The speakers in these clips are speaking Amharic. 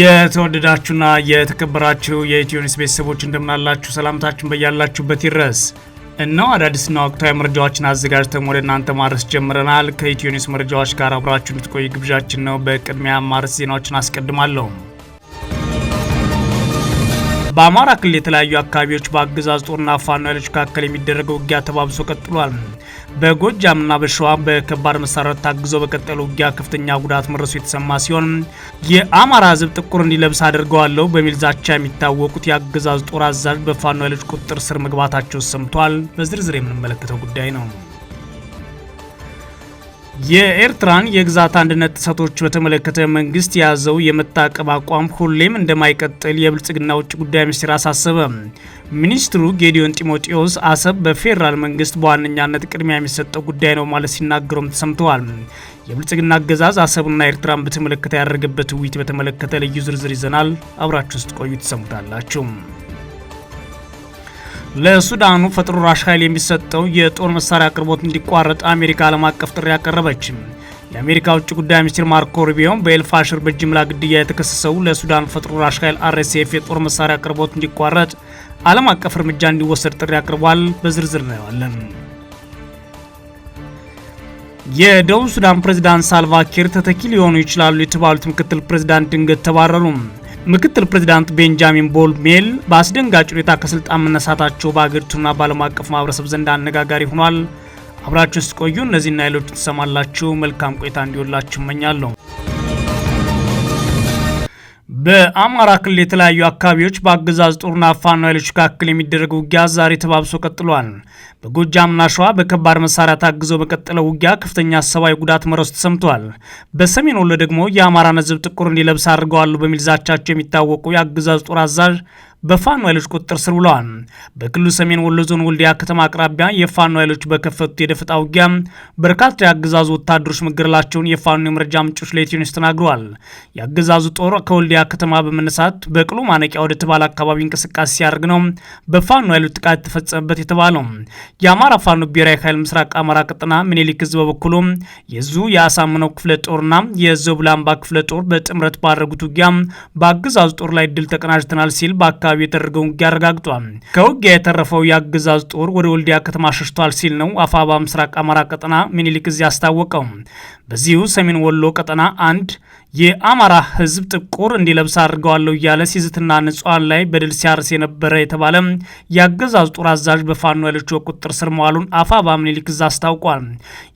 የተወደዳችሁና የተከበራችሁ የኢትዮኒስ ቤተሰቦች እንደምናላችሁ ሰላምታችን በያላችሁበት ይድረስ። እነሆ አዳዲስና ወቅታዊ መረጃዎችን አዘጋጅተን ወደ እናንተ ማድረስ ጀምረናል። ከኢትዮኒስ መረጃዎች ጋር አብራችሁ እንድትቆይ ግብዣችን ነው። በቅድሚያ ማርስ ዜናዎችን አስቀድማለሁ። በአማራ ክልል የተለያዩ አካባቢዎች በአገዛዝ ጦርና ፋኖ ኃይሎች መካከል የሚደረገው ውጊያ ተባብሶ ቀጥሏል። በጎጃምና በሸዋ በከባድ መሳሪያ ታግዞ በቀጠለ ውጊያ ከፍተኛ ጉዳት መድረሱ የተሰማ ሲሆን የአማራ ህዝብ ጥቁር እንዲለብስ አድርገዋለሁ በሚል ዛቻ የሚታወቁት የአገዛዝ ጦር አዛዥ በፋኖ ኃይሎች ቁጥጥር ስር መግባታቸው ሰምቷል። በዝርዝር የምንመለከተው ጉዳይ ነው። የኤርትራን የግዛት አንድነት ጥሰቶች በተመለከተ መንግስት የያዘው የመታቀብ አቋም ሁሌም እንደማይቀጥል የብልጽግና ውጭ ጉዳይ ሚኒስትር አሳሰበ። ሚኒስትሩ ጌዲዮን ጢሞቴዎስ አሰብ በፌዴራል መንግስት በዋነኛነት ቅድሚያ የሚሰጠው ጉዳይ ነው ማለት ሲናገሩም ተሰምተዋል። የብልጽግና አገዛዝ አሰብና ኤርትራን በተመለከተ ያደረገበት ውይይት በተመለከተ ልዩ ዝርዝር ይዘናል። አብራችሁ ውስጥ ቆዩ፣ ትሰሙታላችሁ። ለሱዳኑ ፈጥኖ ደራሽ ኃይል የሚሰጠው የጦር መሳሪያ አቅርቦት እንዲቋረጥ አሜሪካ ዓለም አቀፍ ጥሪ ያቀረበችም። የአሜሪካ ውጭ ጉዳይ ሚኒስትር ማርኮ ሩቢዮም በኤልፋሽር በጅምላ ግድያ የተከሰሰው ለሱዳን ፈጥኖ ደራሽ ኃይል አርኤስኤፍ የጦር መሳሪያ አቅርቦት እንዲቋረጥ ዓለም አቀፍ እርምጃ እንዲወሰድ ጥሪ አቅርቧል። በዝርዝር እናየዋለን። የደቡብ ሱዳን ፕሬዝዳንት ሳልቫኪር ተተኪ ሊሆኑ ይችላሉ የተባሉት ምክትል ፕሬዝዳንት ድንገት ተባረሩም። ምክትል ፕሬዚዳንት ቤንጃሚን ቦልሜል በአስደንጋጭ ሁኔታ ከስልጣን መነሳታቸው በአገሪቱና በዓለም አቀፍ ማህበረሰብ ዘንድ አነጋጋሪ ሆኗል። አብራችሁ ስትቆዩ እነዚህና ሌሎች ትሰማላችሁ። መልካም ቆይታ እንዲሆንላችሁ እመኛለሁ። በአማራ ክልል የተለያዩ አካባቢዎች በአገዛዝ ጦርና ፋኖ ኃይሎች መካከል የሚደረገው ውጊያ ዛሬ ተባብሶ ቀጥሏል። በጎጃምና ሸዋ በከባድ መሳሪያ ታግዘው በቀጠለው ውጊያ ከፍተኛ ሰብአዊ ጉዳት መረሱ ተሰምቷል። በሰሜን ወሎ ደግሞ የአማራን ሕዝብ ጥቁር እንዲለብስ አድርገዋሉ በሚል ዛቻቸው የሚታወቁ የአገዛዝ ጦር አዛዥ በፋኖ ኃይሎች ቁጥጥር ስር ውለዋል። በክልሉ ሰሜን ወሎ ዞን ወልዲያ ከተማ አቅራቢያ የፋኖ ኃይሎች በከፈቱት የደፈጣ ውጊያ በርካታ የአገዛዙ ወታደሮች መገደላቸውን የፋኖ የመረጃ ምንጮች ለኢትዮኒስ ተናግረዋል። የአገዛዙ ጦር ከወልዲያ ከተማ በመነሳት በቅሎ ማነቂያ ወደ ተባለ አካባቢ እንቅስቃሴ ሲያደርግ ነው በፋኖ ኃይሎች ጥቃት የተፈጸመበት የተባለው። የአማራ ፋኖ ብሔራዊ ኃይል ምስራቅ አማራ ቅጥና ምኒልክ ህዝብ በበኩሉ የዙ የአሳምነው ክፍለ ጦርና የዘቡላምባ ክፍለ ጦር በጥምረት ባደረጉት ውጊያ በአገዛዙ ጦር ላይ ድል ተቀናጅተናል ሲል በአካባቢ አካባቢ የተደረገውን ውጊያ አረጋግጧል። ከውጊያ የተረፈው የአገዛዝ ጦር ወደ ወልዲያ ከተማ ሸሽቷል ሲል ነው አፋባ ምስራቅ አማራ ቀጠና ሚኒሊክ እዚህ አስታወቀው። በዚሁ ሰሜን ወሎ ቀጠና አንድ የአማራ ህዝብ ጥቁር እንዲለብስ አድርገዋለሁ እያለ ሲዝትና ንጹሐን ላይ በድል ሲያርስ የነበረ የተባለ የአገዛዝ ጦር አዛዥ በፋኖ ኃይሎች ቁጥጥር ስር መዋሉን አፋ ምኒልክ አስታውቋል።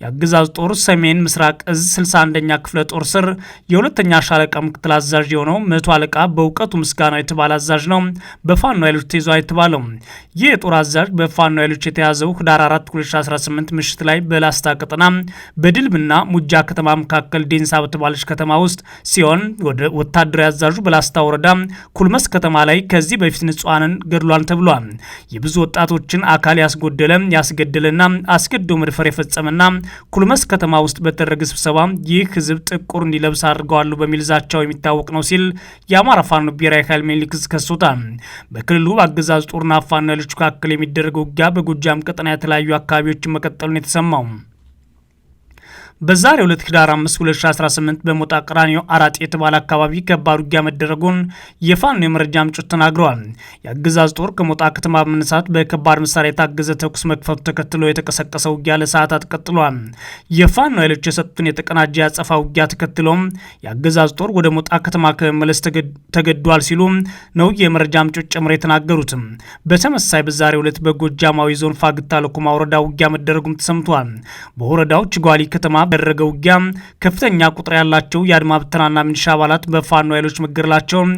የአገዛዝ ጦር ሰሜን ምስራቅ እዝ 61ኛ ክፍለ ጦር ስር የሁለተኛ ሻለቃ ምክትል አዛዥ የሆነው መቶ አለቃ በእውቀቱ ምስጋና የተባለ አዛዥ ነው በፋኖ ኃይሎች ተይዟል የተባለው። ይህ የጦር አዛዥ በፋኖ ኃይሎች የተያዘው ህዳር 4 2018 ምሽት ላይ በላስታ ቀጠና በድልብና ሙጃ ከተማ መካከል ዴንሳ በተባለች ከተማ ውስጥ ሲሆን ወታደራዊ አዛዡ በላስታ ወረዳ ኩልመስ ከተማ ላይ ከዚህ በፊት ንጹሐንን ገድሏል ተብሏል። የብዙ ወጣቶችን አካል ያስጎደለ ያስገደለና አስገዶ መድፈር የፈጸመና ኩልመስ ከተማ ውስጥ በተደረገ ስብሰባ ይህ ህዝብ ጥቁር እንዲለብስ አድርገዋሉ በሚል ዛቻው የሚታወቅ ነው ሲል የአማራ ፋኖ ብሔራዊ ኃይል ምኒልክ ከሶታል። በክልሉ አገዛዝ ጦርና ፋኖ ኃይሎች መካከል የሚደረገው ውጊያ በጎጃም ቀጠና የተለያዩ አካባቢዎችን መቀጠሉን የተሰማው በዛሬው ዕለት ህዳር 5 2018 በሞጣ ቀራኒዮ አራጥ የተባለ አካባቢ ከባድ ውጊያ መደረጉን የፋኖ የመረጃ ምንጮች ተናግረዋል። የአገዛዝ ጦር ከሞጣ ከተማ በመነሳት በከባድ መሳሪያ የታገዘ ተኩስ መክፈቱ ተከትሎ የተቀሰቀሰ ውጊያ ለሰዓታት ቀጥሏል። የፋኖ ኃይሎች የሰጡትን የተቀናጀ ያጸፋ ውጊያ ተከትሎም የአገዛዝ ጦር ወደ ሞጣ ከተማ ከመመለስ ተገዷል ሲሉ ነው የመረጃ ምንጮች ጨምሮ የተናገሩት። በተመሳይ በዛሬው ዕለት በጎጃማዊ ዞን ፋግታ ለኮማ ወረዳ ውጊያ መደረጉም ተሰምቷል። በወረዳው ችጓሊ ከተማ በደረገው ውጊያ ከፍተኛ ቁጥር ያላቸው የአድማ ብተናና ሚኒሻ አባላት በፋኖ ኃይሎች መገደላቸውን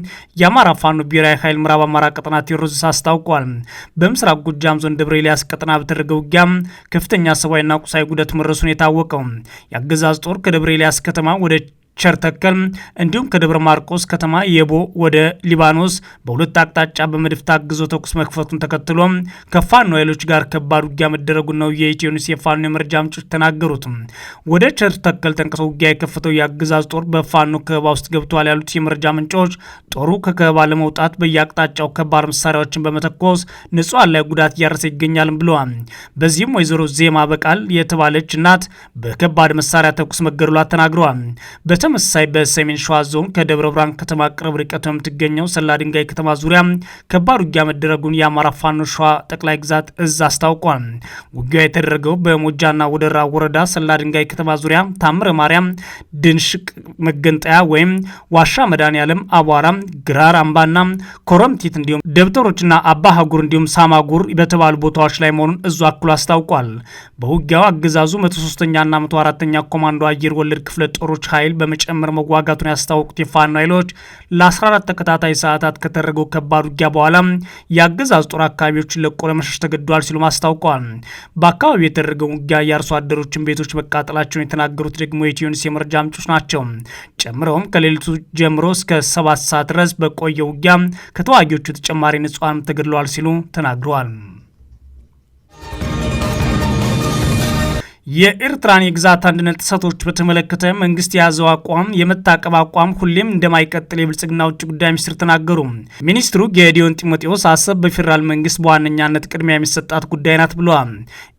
የአማራ ፋኖ ብሔራዊ ኃይል ምዕራብ አማራ ቀጠና ቴዎድሮስ አስታውቋል። በምስራቅ ጎጃም ዞን ደብረ ኤልያስ ቀጠና በተደረገ ውጊያ ከፍተኛ ሰብአዊና ቁሳዊ ጉዳት መድረሱን የታወቀው የአገዛዝ ጦር ከደብረ ኤልያስ ከተማ ወደ ቸርተከል እንዲሁም ከደብረ ማርቆስ ከተማ የቦ ወደ ሊባኖስ በሁለት አቅጣጫ በመድፍ ታግዞ ተኩስ መክፈቱን ተከትሎ ከፋኖ ኃይሎች ጋር ከባድ ውጊያ መደረጉን ነው የኢትዮኒስ የፋኖ የመረጃ ምንጮች ተናገሩት። ወደ ቸርተከል ተንቀሶ ውጊያ የከፈተው የአገዛዝ ጦር በፋኖ ከበባ ውስጥ ገብተዋል ያሉት የመረጃ ምንጮች ጦሩ ከከበባ ለመውጣት በየአቅጣጫው ከባድ መሳሪያዎችን በመተኮስ ንጹሐን ላይ ጉዳት እያረሰ ይገኛልም ብለዋል። በዚህም ወይዘሮ ዜማ በቃል የተባለች እናት በከባድ መሳሪያ ተኩስ መገደሏ ተናግረዋል። በተመሳሳይ በሰሜን ሸዋ ዞን ከደብረ ብርሃን ከተማ ቅርብ ርቀት የምትገኘው ሰላ ድንጋይ ከተማ ዙሪያ ከባድ ውጊያ መደረጉን የአማራ ፋኖ ሸዋ ጠቅላይ ግዛት እዝ አስታውቋል። ውጊያ የተደረገው በሞጃና ወደራ ወረዳ ሰላ ድንጋይ ከተማ ዙሪያ ታምረ ማርያም፣ ድንሽቅ መገንጠያ ወይም ዋሻ ያለም አቧራ፣ ግራር አምባና ኮረምቲት እንዲሁም ደብተሮችና አባ ሀጉር እንዲሁም ሳማጉር በተባሉ ቦታዎች ላይ መሆኑን እዙ አክሎ አስታውቋል። በውጊያው አገዛዙ 13ኛና 14ኛ ኮማንዶ አየር ወለድ ክፍለ ጦሮች ኃይል በመ ጭምር መዋጋቱን ያስታወቁት የፋኖ ኃይሎች ለ14 ተከታታይ ሰዓታት ከተደረገው ከባድ ውጊያ በኋላ የአገዛዝ ጦር አካባቢዎችን ለቆ ለመሸሽ ተገዷል ሲሉም አስታውቀዋል። በአካባቢው የተደረገው ውጊያ የአርሶ አደሮችን ቤቶች መቃጠላቸውን የተናገሩት ደግሞ የኢትዮኒውስ የመረጃ ምንጮች ናቸው። ጨምረውም ከሌሊቱ ጀምሮ እስከ ሰባት ሰዓት ድረስ በቆየ ውጊያ ከተዋጊዎቹ ተጨማሪ ንጹሐንም ተገድለዋል ሲሉ ተናግረዋል። የኤርትራን የግዛት አንድነት ጥሰቶች በተመለከተ መንግስት የያዘው አቋም የመታቀብ አቋም ሁሌም እንደማይቀጥል የብልጽግና ውጭ ጉዳይ ሚኒስትር ተናገሩ። ሚኒስትሩ ጌዲዮን ጢሞቴዎስ አሰብ በፌዴራል መንግስት በዋነኛነት ቅድሚያ የሚሰጣት ጉዳይ ናት ብለዋል።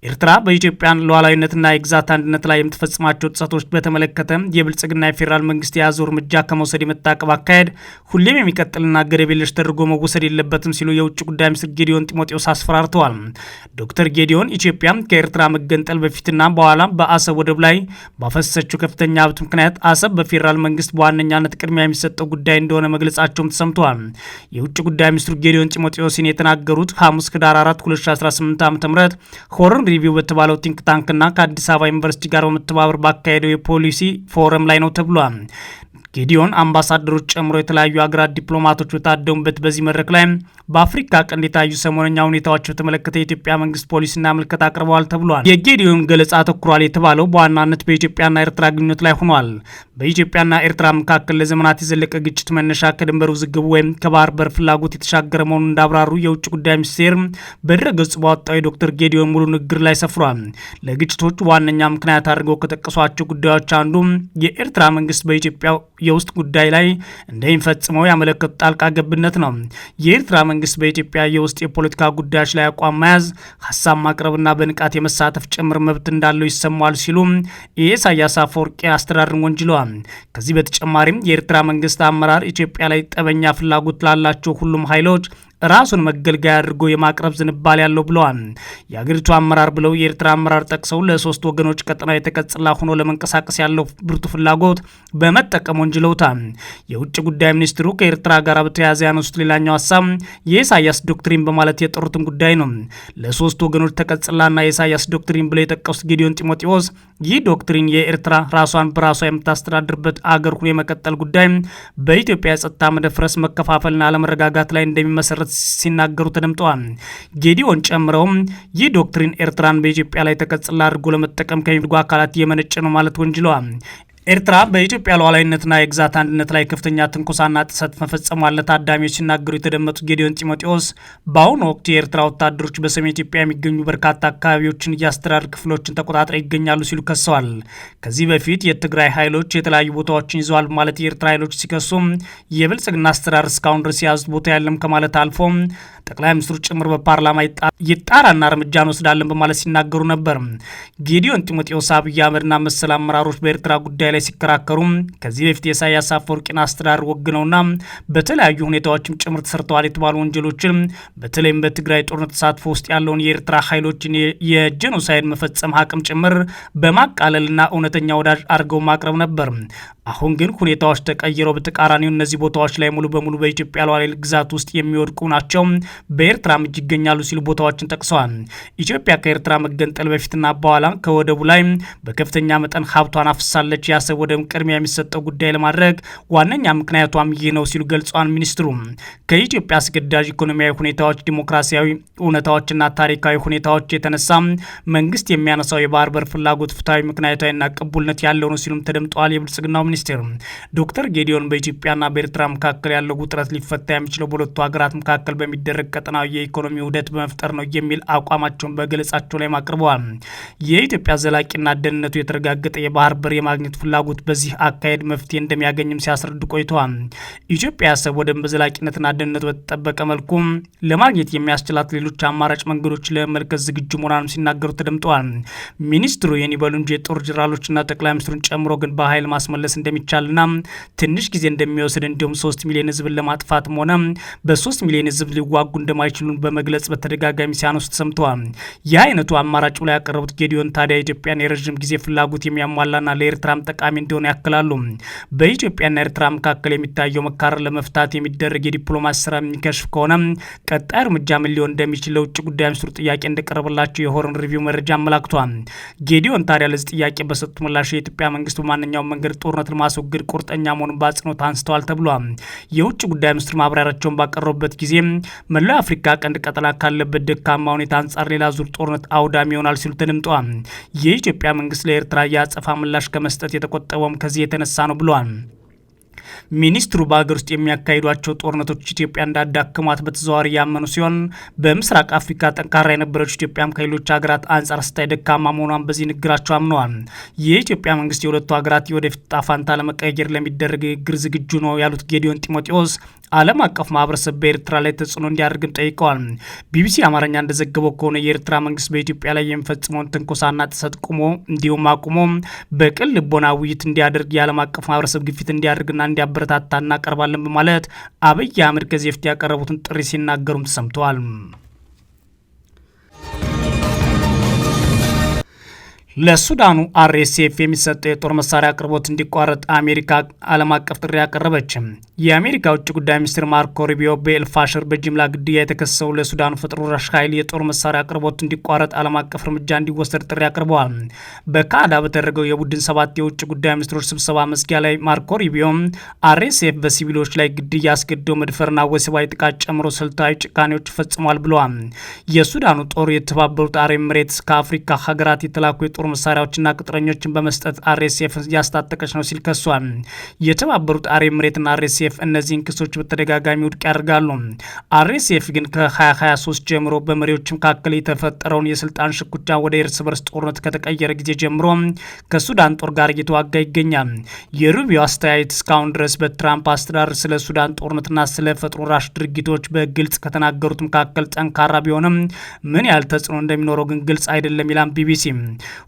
ኤርትራ በኢትዮጵያ ሉዓላዊነትና የግዛት አንድነት ላይ የምትፈጽማቸው ጥሰቶች በተመለከተ የብልጽግና የፌዴራል መንግስት የያዘው እርምጃ ከመውሰድ የመታቀብ አካሄድ ሁሌም የሚቀጥልና ገደብ የለሽ ተደርጎ መወሰድ የለበትም ሲሉ የውጭ ጉዳይ ሚኒስትር ጌዲዮን ጢሞቴዎስ አስፈራርተዋል። ዶክተር ጌዲዮን ኢትዮጵያ ከኤርትራ መገንጠል በፊትና በኋላ በአሰብ ወደብ ላይ ባፈሰችው ከፍተኛ ሀብት ምክንያት አሰብ በፌዴራል መንግስት በዋነኛነት ቅድሚያ የሚሰጠው ጉዳይ እንደሆነ መግለጻቸውም ተሰምተዋል። የውጭ ጉዳይ ሚኒስትሩ ጌዲዮን ጢሞቴዎስን የተናገሩት ሐሙስ ህዳር 4 2018 ዓ ም ሆርን ሪቪው በተባለው ቲንክ ታንክና ከአዲስ አበባ ዩኒቨርሲቲ ጋር በመተባበር ባካሄደው የፖሊሲ ፎረም ላይ ነው ተብሏል። ጌዲዮን አምባሳደሮች ጨምሮ የተለያዩ ሀገራት ዲፕሎማቶች በታደሙበት በዚህ መድረክ ላይ በአፍሪካ ቀንድ የታዩ ሰሞነኛ ሁኔታዎች በተመለከተ የኢትዮጵያ መንግስት ፖሊሲና ምልከት አቅርበዋል ተብሏል። የጌዲዮን ገለጻ አተኩሯል የተባለው በዋናነት በኢትዮጵያና ኤርትራ ግንኙነት ላይ ሆኗል። በኢትዮጵያና ኤርትራ መካከል ለዘመናት የዘለቀ ግጭት መነሻ ከድንበር ውዝግቡ ወይም ከባህር በር ፍላጎት የተሻገረ መሆኑን እንዳብራሩ የውጭ ጉዳይ ሚኒስቴር በድረገጹ ባወጣው የዶክተር ጌዲዮን ሙሉ ንግግር ላይ ሰፍሯል። ለግጭቶቹ ዋነኛ ምክንያት አድርገው ከጠቀሷቸው ጉዳዮች አንዱ የኤርትራ መንግስት በኢትዮጵያ የውስጥ ጉዳይ ላይ እንደሚፈጽመው ያመለከቱ ጣልቃ ገብነት ነው። የኤርትራ መንግስት በኢትዮጵያ የውስጥ የፖለቲካ ጉዳዮች ላይ አቋም መያዝ፣ ሀሳብ ማቅረብና በንቃት የመሳተፍ ጭምር መብት እንዳለው ይሰማዋል ሲሉ የኢሳያስ አፈወርቂ አስተዳደርን ወንጅለዋል። ከዚህ በተጨማሪም የኤርትራ መንግስት አመራር ኢትዮጵያ ላይ ጠበኛ ፍላጎት ላላቸው ሁሉም ኃይሎች ራሱን መገልገያ አድርጎ የማቅረብ ዝንባል ያለው ብለዋል። የአገሪቱ አመራር ብለው የኤርትራ አመራር ጠቅሰው ለሶስት ወገኖች ቀጠና የተቀጽላ ሆኖ ለመንቀሳቀስ ያለው ብርቱ ፍላጎት በመጠቀም ወንጅለውታል። የውጭ ጉዳይ ሚኒስትሩ ከኤርትራ ጋር በተያያዘ ያነሱት ሌላኛው ሀሳብ የኢሳያስ ዶክትሪን በማለት የጠሩትን ጉዳይ ነው። ለሶስት ወገኖች ተቀጽላና የኢሳያስ ዶክትሪን ብለው የጠቀሱት ጌዲዮን ጢሞቴዎስ ይህ ዶክትሪን የኤርትራ ራሷን በራሷ የምታስተዳድርበት አገር ሁኖ የመቀጠል ጉዳይ በኢትዮጵያ የጸጥታ መደፍረስ መከፋፈልና አለመረጋጋት ላይ እንደሚመሰረት ሲናገሩ ተደምጠዋል። ጌዲዮን ጨምረውም ይህ ዶክትሪን ኤርትራን በኢትዮጵያ ላይ ተቀጽላ አድርጎ ለመጠቀም ከሚፈልጉ አካላት የመነጨ ነው ማለት ወንጅለዋል። ኤርትራ በኢትዮጵያ ሉዓላዊነትና የግዛት አንድነት ላይ ከፍተኛ ትንኮሳና ጥሰት መፈጸሟን ለታዳሚዎች ሲናገሩ የተደመጡት ጌዲዮን ጢሞቴዎስ በአሁኑ ወቅት የኤርትራ ወታደሮች በሰሜን ኢትዮጵያ የሚገኙ በርካታ አካባቢዎችን የአስተዳደር ክፍሎችን ተቆጣጥረው ይገኛሉ ሲሉ ከሰዋል። ከዚህ በፊት የትግራይ ኃይሎች የተለያዩ ቦታዎችን ይዘዋል ማለት የኤርትራ ኃይሎች ሲከሱም የብልጽግና አስተዳደር እስካሁን ድረስ የያዙት ቦታ የለም ከማለት አልፎም ጠቅላይ ሚኒስትሩ ጭምር በፓርላማ ይጣራና እርምጃ እንወስዳለን በማለት ሲናገሩ ነበር። ጌዲዮን ጢሞቴዎስ አብይ አህመድና መሰል አመራሮች በኤርትራ ጉዳይ ላይ ሲከራከሩ ከዚህ በፊት የኢሳያስ አፈወርቂን አስተዳደር ወግነውና በተለያዩ ሁኔታዎችም ጭምር ተሰርተዋል የተባሉ ወንጀሎችን በተለይም በትግራይ ጦርነት ተሳትፎ ውስጥ ያለውን የኤርትራ ኃይሎችን የጄኖሳይድ መፈጸም አቅም ጭምር በማቃለልና እውነተኛ ወዳጅ አድርገው ማቅረብ ነበር። አሁን ግን ሁኔታዎች ተቀይረው በተቃራኒው እነዚህ ቦታዎች ላይ ሙሉ በሙሉ በኢትዮጵያ ሉዓላዊ ግዛት ውስጥ የሚወድቁ ናቸው፣ በኤርትራም እጅ ይገኛሉ ሲሉ ቦታዎችን ጠቅሰዋል። ኢትዮጵያ ከኤርትራ መገንጠል በፊትና በኋላ ከወደቡ ላይ በከፍተኛ መጠን ሀብቷን አፍሳለች። የአሰብ ወደብ ቅድሚያ የሚሰጠው ጉዳይ ለማድረግ ዋነኛ ምክንያቷም ይህ ነው ሲሉ ገልጿል። ሚኒስትሩ ከኢትዮጵያ አስገዳጅ ኢኮኖሚያዊ ሁኔታዎች፣ ዲሞክራሲያዊ እውነታዎችና ታሪካዊ ሁኔታዎች የተነሳ መንግስት የሚያነሳው የባህር በር ፍላጎት ፍትሐዊ፣ ምክንያታዊና ቅቡልነት ያለው ነው ሲሉም ተደምጠዋል። የብልጽግናው ሚኒስ ሚኒስትር ዶክተር ጌዲዮን በኢትዮጵያና በኤርትራ መካከል ያለው ውጥረት ሊፈታ የሚችለው በሁለቱ ሀገራት መካከል በሚደረግ ቀጠናዊ የኢኮኖሚ ውህደት በመፍጠር ነው የሚል አቋማቸውን በገለጻቸው ላይም አቅርበዋል። የኢትዮጵያ ዘላቂና ደህንነቱ የተረጋገጠ የባህር በር የማግኘት ፍላጎት በዚህ አካሄድ መፍትሄ እንደሚያገኝም ሲያስረዱ ቆይተዋል። ኢትዮጵያ ያሰብ ወደብ በዘላቂነትና ደህንነቱ በተጠበቀ መልኩ ለማግኘት የሚያስችላት ሌሎች አማራጭ መንገዶች ለመመልከት ዝግጁ መሆኗንም ሲናገሩ ተደምጠዋል። ሚኒስትሩ የኒበሉ እንጂ የጦር ጄኔራሎችና ጠቅላይ ሚኒስትሩን ጨምሮ ግን በኃይል ማስመለስ እንደ እንደሚቻልና ትንሽ ጊዜ እንደሚወስድ እንዲሁም ሶስት ሚሊዮን ህዝብን ለማጥፋትም ሆነ በሶስት ሚሊዮን ህዝብ ሊዋጉ እንደማይችሉን በመግለጽ በተደጋጋሚ ሲያነሱ ተሰምተዋል። ይህ አይነቱ አማራጭ ላይ ያቀረቡት ጌዲዮን ታዲያ ኢትዮጵያን የረዥም ጊዜ ፍላጎት የሚያሟላና ለኤርትራም ጠቃሚ እንደሆነ ያክላሉ። በኢትዮጵያና ኤርትራ መካከል የሚታየው መካረር ለመፍታት የሚደረግ የዲፕሎማሲ ስራ የሚከሽፍ ከሆነ ቀጣይ እርምጃ ምን ሊሆን እንደሚችል ለውጭ ጉዳይ ሚኒስትሩ ጥያቄ እንደቀረበላቸው የሆርን ሪቪው መረጃ አመላክቷል። ጌዲዮን ታዲያ ለዚህ ጥያቄ በሰጡት ምላሽ የኢትዮጵያ መንግስት በማንኛውም መንገድ ጦርነት ህወሓትን ማስወገድ ቁርጠኛ መሆኑን በአጽንኦት አንስተዋል ተብሏል። የውጭ ጉዳይ ሚኒስትር ማብራሪያቸውን ባቀረቡበት ጊዜ መላው የአፍሪካ ቀንድ ቀጠና ካለበት ደካማ ሁኔታ አንጻር ሌላ ዙር ጦርነት አውዳሚ ይሆናል ሲሉ ተደምጠዋል። የኢትዮጵያ መንግስት ለኤርትራ የአጸፋ ምላሽ ከመስጠት የተቆጠበውም ከዚህ የተነሳ ነው ብለዋል። ሚኒስትሩ በሀገር ውስጥ የሚያካሂዷቸው ጦርነቶች ኢትዮጵያ እንዳዳክሟት በተዘዋዋሪ ያመኑ ሲሆን በምስራቅ አፍሪካ ጠንካራ የነበረች ኢትዮጵያም ከሌሎች ሀገራት አንጻር ስታይ ደካማ መሆኗን በዚህ ንግግራቸው አምነዋል። የኢትዮጵያ መንግስት የሁለቱ ሀገራት የወደፊት ጣፋንታ ለመቀየር ለሚደረግ ግር ዝግጁ ነው ያሉት ጌዲዮን ጢሞቴዎስ ዓለም አቀፍ ማህበረሰብ በኤርትራ ላይ ተጽዕኖ እንዲያደርግም ጠይቀዋል። ቢቢሲ አማርኛ እንደዘገበው ከሆነ የኤርትራ መንግስት በኢትዮጵያ ላይ የሚፈጽመውን ትንኮሳና ጥሰት ቁሞ እንዲሁም አቁሞ በቅን ልቦና ውይይት እንዲያደርግ የዓለም አቀፍ ማህበረሰብ ግፊት እንዲያደርግና እንዲያበረታታ እናቀርባለን በማለት አብይ አህመድ ከዚህ በፊት ያቀረቡትን ጥሪ ሲናገሩም ተሰምተዋል። ለሱዳኑ አርኤስኤፍ የሚሰጠው የጦር መሳሪያ አቅርቦት እንዲቋረጥ አሜሪካ ዓለም አቀፍ ጥሪ ያቀረበች የአሜሪካ ውጭ ጉዳይ ሚኒስትር ማርኮ ሩቢዮ በኤልፋሽር በጅምላ ግድያ የተከሰሰው ለሱዳኑ ፈጥኖ ደራሽ ኃይል የጦር መሳሪያ አቅርቦት እንዲቋረጥ ዓለም አቀፍ እርምጃ እንዲወሰድ ጥሪ አቅርበዋል። በካናዳ በተደረገው የቡድን ሰባት የውጭ ጉዳይ ሚኒስትሮች ስብሰባ መዝጊያ ላይ ማርኮ ሩቢዮ አርኤስኤፍ በሲቪሎች ላይ ግድያ፣ አስገድዶ መድፈርና ወሲባዊ ጥቃት ጨምሮ ስልታዊ ጭካኔዎች ፈጽሟል ብለዋል። የሱዳኑ ጦር የተባበሩት አረብ ኤምሬትስ ከአፍሪካ ሀገራት የተላኩ ጦር መሳሪያዎችና ቅጥረኞችን በመስጠት አርኤስኤፍ እያስታጠቀች ነው ሲል ከሷል። የተባበሩት አረብ ኤምሬትና አርኤስኤፍ እነዚህን ክሶች በተደጋጋሚ ውድቅ ያደርጋሉ። አርኤስኤፍ ግን ከ2023 ጀምሮ በመሪዎች መካከል የተፈጠረውን የስልጣን ሽኩቻ ወደ እርስ በርስ ጦርነት ከተቀየረ ጊዜ ጀምሮ ከሱዳን ጦር ጋር እየተዋጋ ይገኛል። የሩቢዮ አስተያየት እስካሁን ድረስ በትራምፕ አስተዳደር ስለ ሱዳን ጦርነትና ስለ ፈጥኖ ደራሽ ድርጊቶች በግልጽ ከተናገሩት መካከል ጠንካራ ቢሆንም ምን ያህል ተጽዕኖ እንደሚኖረው ግን ግልጽ አይደለም ይላል ቢቢሲ።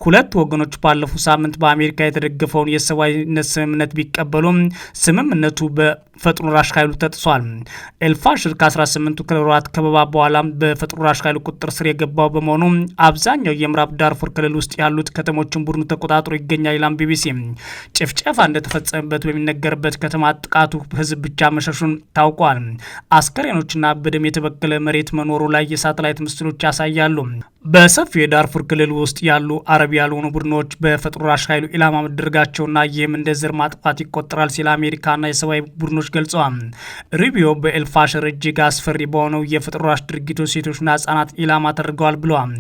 ሁለት ወገኖች ባለፉ ሳምንት በአሜሪካ የተደገፈውን የሰብአዊነት ስምምነት ቢቀበሉም ስምምነቱ በ ፈጥኖ ራሽ ኃይሉ ተጥሷል። ኤልፋሽር ከ18ቱ ክልል ወራት ከበባ በኋላ በፈጥኖ ራሽ ኃይሉ ቁጥጥር ስር የገባው በመሆኑ አብዛኛው የምዕራብ ዳርፉር ክልል ውስጥ ያሉት ከተሞችን ቡድኑ ተቆጣጥሮ ይገኛል ይላል ቢቢሲ። ጭፍጨፋ እንደተፈጸመበት በሚነገርበት ከተማ ጥቃቱ ህዝብ ብቻ መሸሹን ታውቋል። አስከሬኖችና በደም የተበከለ መሬት መኖሩ ላይ የሳተላይት ምስሎች ያሳያሉ። በሰፊው የዳርፉር ክልል ውስጥ ያሉ አረብ ያልሆኑ ቡድኖች በፈጥኖ ራሽ ኃይሉ ኢላማ መደረጋቸውና ይህም እንደ ዘር ማጥፋት ይቆጠራል ሲል አሜሪካና የሰብአዊ ቡድኖች ገልጸዋል። ሪቢዮ በኤልፋሽር እጅግ አስፈሪ በሆነው የፍጥሯ ራሽ ድርጊቶች ሴቶችና ህጻናት ኢላማ ተደርገዋል ብለዋል።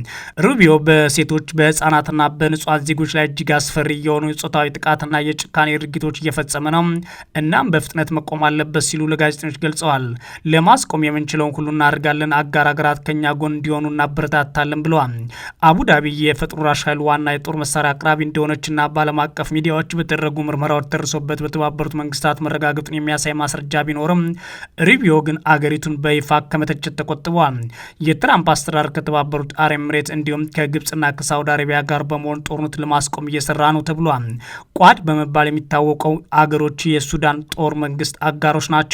ሩቢዮ በሴቶች በህጻናትና በንጹሐን ዜጎች ላይ እጅግ አስፈሪ የሆኑ የጾታዊ ጥቃትና የጭካኔ ድርጊቶች እየፈጸመ ነው፣ እናም በፍጥነት መቆም አለበት ሲሉ ለጋዜጠኞች ገልጸዋል። ለማስቆም የምንችለውን ሁሉ እናደርጋለን፣ አጋር ሀገራት ከኛ ጎን እንዲሆኑ እናበረታታለን ብለዋል። አቡዳቢ የፈጥኖ ደራሽ ኃይል ዋና የጦር መሳሪያ አቅራቢ እንደሆነችና በዓለም አቀፍ ሚዲያዎች በተደረጉ ምርመራዎች ደርሶበት በተባበሩት መንግስታት መረጋገጡን የሚያሳይ ማስረጃ ቢኖርም ሪቢዮ ግን አገሪቱን በይፋ ከመተቸት ተቆጥበዋል። የትራምፕ አስተዳደር ከተባበሩት አረብ ኤምሬት እንዲሁም ከግብፅና ከሳውዲ አረቢያ ጋር በመሆን ጦርነት ለማስቆም እየሰራ ነው ተብሏል። ቋድ በመባል የሚታወቀው አገሮች የሱዳን ጦር መንግስት አጋሮች ናቸው።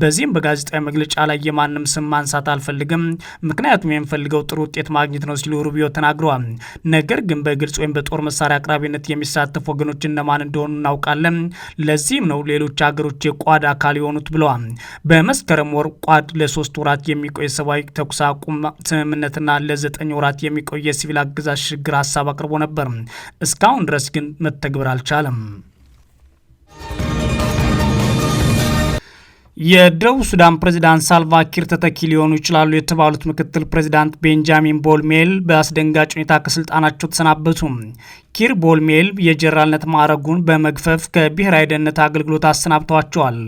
በዚህም በጋዜጣዊ መግለጫ ላይ የማንም ስም ማንሳት አልፈልግም፣ ምክንያቱም የምፈልገው ጥሩ ውጤት ማግኘት ነው ሲሉ ሩቢዮ ተናግረዋል። ነገር ግን በግልጽ ወይም በጦር መሳሪያ አቅራቢነት የሚሳተፉ ወገኖች እነማን እንደሆኑ እናውቃለን። ለዚህም ነው ሌሎች አገሮች የቋድ ቋድ አካል የሆኑት ብለዋል። በመስከረም ወር ቋድ ለሶስት ወራት የሚቆይ ሰብዊ ተኩስ አቁም ስምምነትና ለዘጠኝ ወራት የሚቆይ የሲቪል አገዛዝ ሽግግር ሀሳብ አቅርቦ ነበር። እስካሁን ድረስ ግን መተግበር አልቻለም። የደቡብ ሱዳን ፕሬዚዳንት ሳልቫኪር ተተኪ ሊሆኑ ይችላሉ የተባሉት ምክትል ፕሬዚዳንት ቤንጃሚን ቦልሜል በአስደንጋጭ ሁኔታ ከስልጣናቸው ተሰናበቱ። ኪር ቦልሜል የጀራልነት ማዕረጉን በመግፈፍ ከብሔራዊ ደህንነት አገልግሎት አሰናብተዋቸዋል።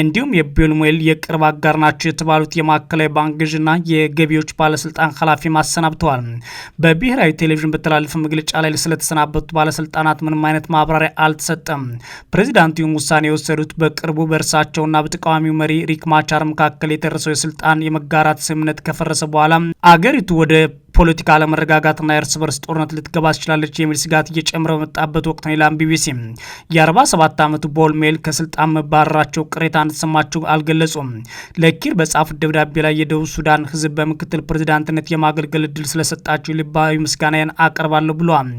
እንዲሁም የቦልሜል የቅርብ አጋር ናቸው የተባሉት የማዕከላዊ ባንክ ገዥና የገቢዎች ባለስልጣን ኃላፊም አሰናብተዋል። በብሔራዊ ቴሌቪዥን በተላለፈ መግለጫ ላይ ስለተሰናበቱት ባለስልጣናት ምንም አይነት ማብራሪያ አልተሰጠም። ፕሬዚዳንቱ ውሳኔ የወሰዱት በቅርቡ በእርሳቸውና በተቃዋሚ በሀገሪቱ መሪ ሪክ ማቻር መካከል የተደረሰው የስልጣን የመጋራት ስምምነት ከፈረሰ በኋላ አገሪቱ ወደ ፖለቲካ አለመረጋጋትና የእርስ በርስ ጦርነት ልትገባ ትችላለች የሚል ስጋት እየጨመረ በመጣበት ወቅት ነው ይላል ቢቢሲ። የ47 ዓመቱ ቦል ሜል ከስልጣን መባረራቸው ቅሬታ እንደተሰማቸው አልገለጹም። ለኪር በጻፉት ደብዳቤ ላይ የደቡብ ሱዳን ህዝብ በምክትል ፕሬዚዳንትነት የማገልገል እድል ስለሰጣቸው ልባዊ ምስጋናዬን አቀርባለሁ ብለዋል።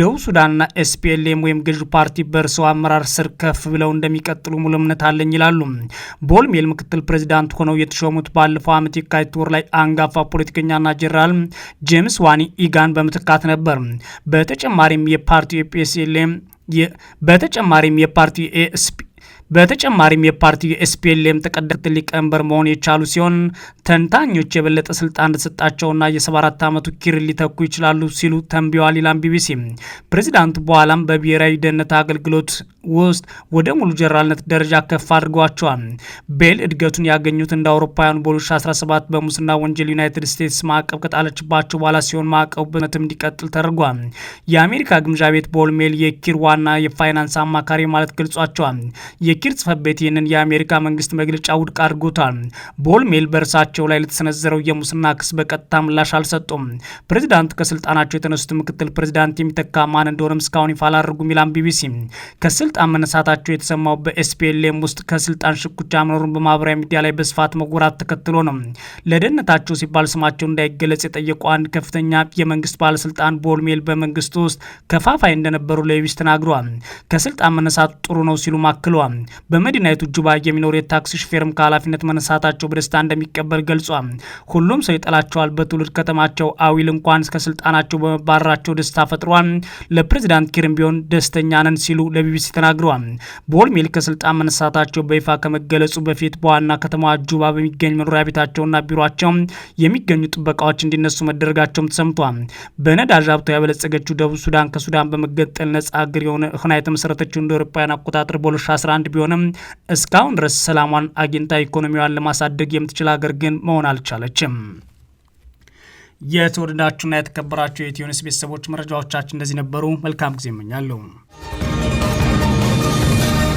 ደቡብ ሱዳንና ኤስፒኤልኤም ወይም ገዢ ፓርቲ በእርሰው አመራር ስር ከፍ ብለው እንደሚቀጥሉ ሙሉ እምነት አለኝ ይላሉ። ቦል ሜል ምክትል ፕሬዚዳንት ሆነው የተሾሙት ባለፈው ዓመት የካቲት ወር ላይ አንጋፋ ፖለቲከኛና ጀነራል ጄምስ ዋኒ ኢጋን በምትካት ነበር። በተጨማሪም የፓርቲው የፒኤስኤልኤም በተጨማሪም የፓርቲው ኤስፒ በተጨማሪም የፓርቲው የኤስፒኤልኤም ተቀዳሚ ሊቀመንበር መሆን የቻሉ ሲሆን ተንታኞች የበለጠ ስልጣን እንደተሰጣቸውና የ74 ዓመቱ ኪር ሊተኩ ይችላሉ ሲሉ ተንቢዋል ይላል ቢቢሲ። ፕሬዚዳንቱ በኋላም በብሔራዊ ደህንነት አገልግሎት ውስጥ ወደ ሙሉ ጀነራልነት ደረጃ ከፍ አድርጓቸዋል። ቤል እድገቱን ያገኙት እንደ አውሮፓውያኑ በ2017 በሙስና ወንጀል ዩናይትድ ስቴትስ ማዕቀብ ከጣለችባቸው በኋላ ሲሆን ማዕቀቡ በመትም እንዲቀጥል ተደርጓል። የአሜሪካ ግምዣ ቤት ቦል ሜል የኪር ዋና የፋይናንስ አማካሪ ማለት ገልጿቸዋል። ሚኒስቴር ጽህፈት ቤት ይህንን የአሜሪካ መንግስት መግለጫ ውድቅ አድርጎታል። ቦል ሜል በእርሳቸው ላይ ለተሰነዘረው የሙስና ክስ በቀጥታ ምላሽ አልሰጡም። ፕሬዚዳንት ከስልጣናቸው የተነሱት ምክትል ፕሬዚዳንት የሚተካ ማን እንደሆነም እስካሁን ይፋ አላደረጉም ይላል ቢቢሲ። ከስልጣን መነሳታቸው የተሰማው በኤስፒኤልኤም ውስጥ ከስልጣን ሽኩቻ መኖሩን በማህበራዊ ሚዲያ ላይ በስፋት መጎራት ተከትሎ ነው። ለደህንነታቸው ሲባል ስማቸው እንዳይገለጽ የጠየቁ አንድ ከፍተኛ የመንግስት ባለስልጣን ቦል ሜል በመንግስት ውስጥ ከፋፋይ እንደነበሩ ለቢቢሲ ተናግረዋል። ከስልጣን መነሳት ጥሩ ነው ሲሉ ማክለዋል። በመዲናይቱ ጁባ የሚኖሩ የታክሲ ሹፌርም ከኃላፊነት መነሳታቸው በደስታ እንደሚቀበል ገልጿል። ሁሉም ሰው ይጠላቸዋል። በትውልድ ከተማቸው አዊል እንኳን እስከ ስልጣናቸው በመባረራቸው ደስታ ፈጥሯል። ለፕሬዚዳንት ኪርም ቢሆን ደስተኛ ነን ሲሉ ለቢቢሲ ተናግረዋል። ቦል ከስልጣን መነሳታቸው በይፋ ከመገለጹ በፊት በዋና ከተማዋ ጁባ በሚገኝ መኖሪያ ቤታቸውና ቢሮቸው የሚገኙ ጥበቃዎች እንዲነሱ መደረጋቸውም ተሰምቷል። በነዳጅ ሀብቷ ያበለጸገችው ደቡብ ሱዳን ከሱዳን በመገጠል ነጻ አገር የሆነ ሆና የተመሰረተችው እንደ አውሮፓውያን አቆጣጠር በ2011 ቢሆንም እስካሁን ድረስ ሰላሟን አግኝታ ኢኮኖሚዋን ለማሳደግ የምትችል ሀገር ግን መሆን አልቻለችም። የተወደዳችሁና የተከበራችሁ የኢትዮ ኒውስ ቤተሰቦች መረጃዎቻችን እንደዚህ ነበሩ። መልካም ጊዜ እመኛለሁ።